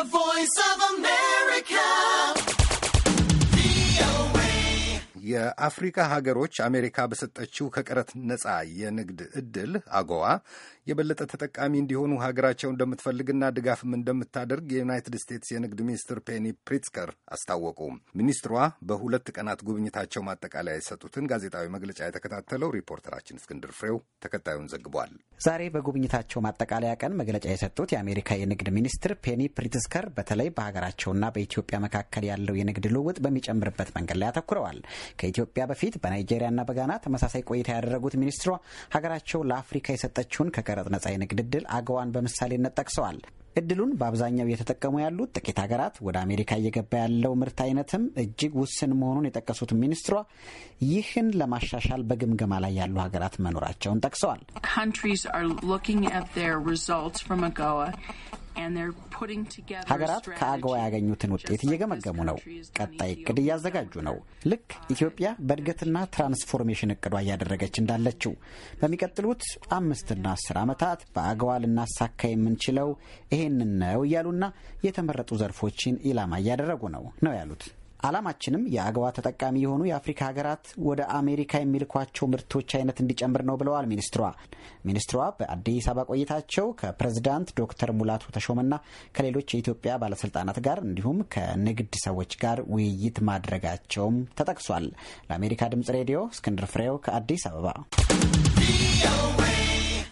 The Voice of America. የአፍሪካ ሀገሮች አሜሪካ በሰጠችው ከቀረት ነጻ የንግድ እድል አጎዋ የበለጠ ተጠቃሚ እንዲሆኑ ሀገራቸው እንደምትፈልግና ድጋፍም እንደምታደርግ የዩናይትድ ስቴትስ የንግድ ሚኒስትር ፔኒ ፕሪትስከር አስታወቁ። ሚኒስትሯ በሁለት ቀናት ጉብኝታቸው ማጠቃለያ የሰጡትን ጋዜጣዊ መግለጫ የተከታተለው ሪፖርተራችን እስክንድር ፍሬው ተከታዩን ዘግቧል። ዛሬ በጉብኝታቸው ማጠቃለያ ቀን መግለጫ የሰጡት የአሜሪካ የንግድ ሚኒስትር ፔኒ ፕሪትስከር በተለይ በሀገራቸውና በኢትዮጵያ መካከል ያለው የንግድ ልውውጥ በሚጨምርበት መንገድ ላይ አተኩረዋል። ከኢትዮጵያ በፊት በናይጄሪያና በጋና ተመሳሳይ ቆይታ ያደረጉት ሚኒስትሯ ሀገራቸው ለአፍሪካ የሰጠችውን ከቀረጥ ነጻ የንግድ ድል አገዋን በምሳሌነት ጠቅሰዋል። እድሉን በአብዛኛው እየተጠቀሙ ያሉት ጥቂት ሀገራት ወደ አሜሪካ እየገባ ያለው ምርት አይነትም እጅግ ውስን መሆኑን የጠቀሱት ሚኒስትሯ ይህን ለማሻሻል በግምገማ ላይ ያሉ ሀገራት መኖራቸውን ጠቅሰዋል። ሀገራት ከአገዋ ያገኙትን ውጤት እየገመገሙ ነው። ቀጣይ እቅድ እያዘጋጁ ነው። ልክ ኢትዮጵያ በእድገትና ትራንስፎርሜሽን እቅዷ እያደረገች እንዳለችው በሚቀጥሉት አምስትና አስር ዓመታት በአገዋ ልናሳካ የምንችለው ይሄንን ነው እያሉና የተመረጡ ዘርፎችን ኢላማ እያደረጉ ነው ነው ያሉት። ዓላማችንም የአገዋ ተጠቃሚ የሆኑ የአፍሪካ ሀገራት ወደ አሜሪካ የሚልኳቸው ምርቶች አይነት እንዲጨምር ነው ብለዋል ሚኒስትሯ። ሚኒስትሯ በአዲስ አበባ ቆይታቸው ከፕሬዝዳንት ዶክተር ሙላቱ ተሾመና ከሌሎች የኢትዮጵያ ባለስልጣናት ጋር እንዲሁም ከንግድ ሰዎች ጋር ውይይት ማድረጋቸውም ተጠቅሷል። ለአሜሪካ ድምጽ ሬዲዮ እስክንድር ፍሬው ከአዲስ አበባ